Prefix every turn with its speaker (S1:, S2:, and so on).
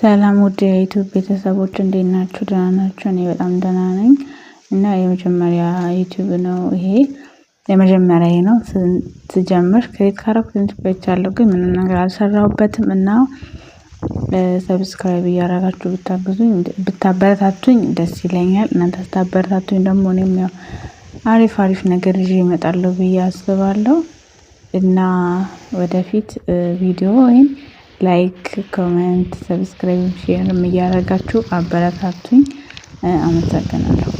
S1: ሰላም ውድ የዩቱብ ቤተሰቦች እንዴት ናችሁ? ደህና ናችሁ? እኔ በጣም ደህና ነኝ። እና የመጀመሪያ ዩቱብ ነው ይሄ የመጀመሪያ ነው ስጀምር ክሬት ካረብ ትንሽ ቆይቻለሁ፣ ግን ምንም ነገር አልሰራሁበትም እና ሰብስክራይብ እያረጋችሁ ብታግዙኝ ብታበረታቱኝ ደስ ይለኛል። እናንተ ስታበረታቱኝ ደግሞ እኔም ያው አሪፍ አሪፍ ነገር ይዤ እመጣለሁ ብዬ አስባለሁ እና ወደፊት ቪዲዮ ወይም ላይክ፣ ኮሜንት፣ ሰብስክራይብ፣ ሼር እያደረጋችሁ አበረታቱኝ። አመሰግናለሁ።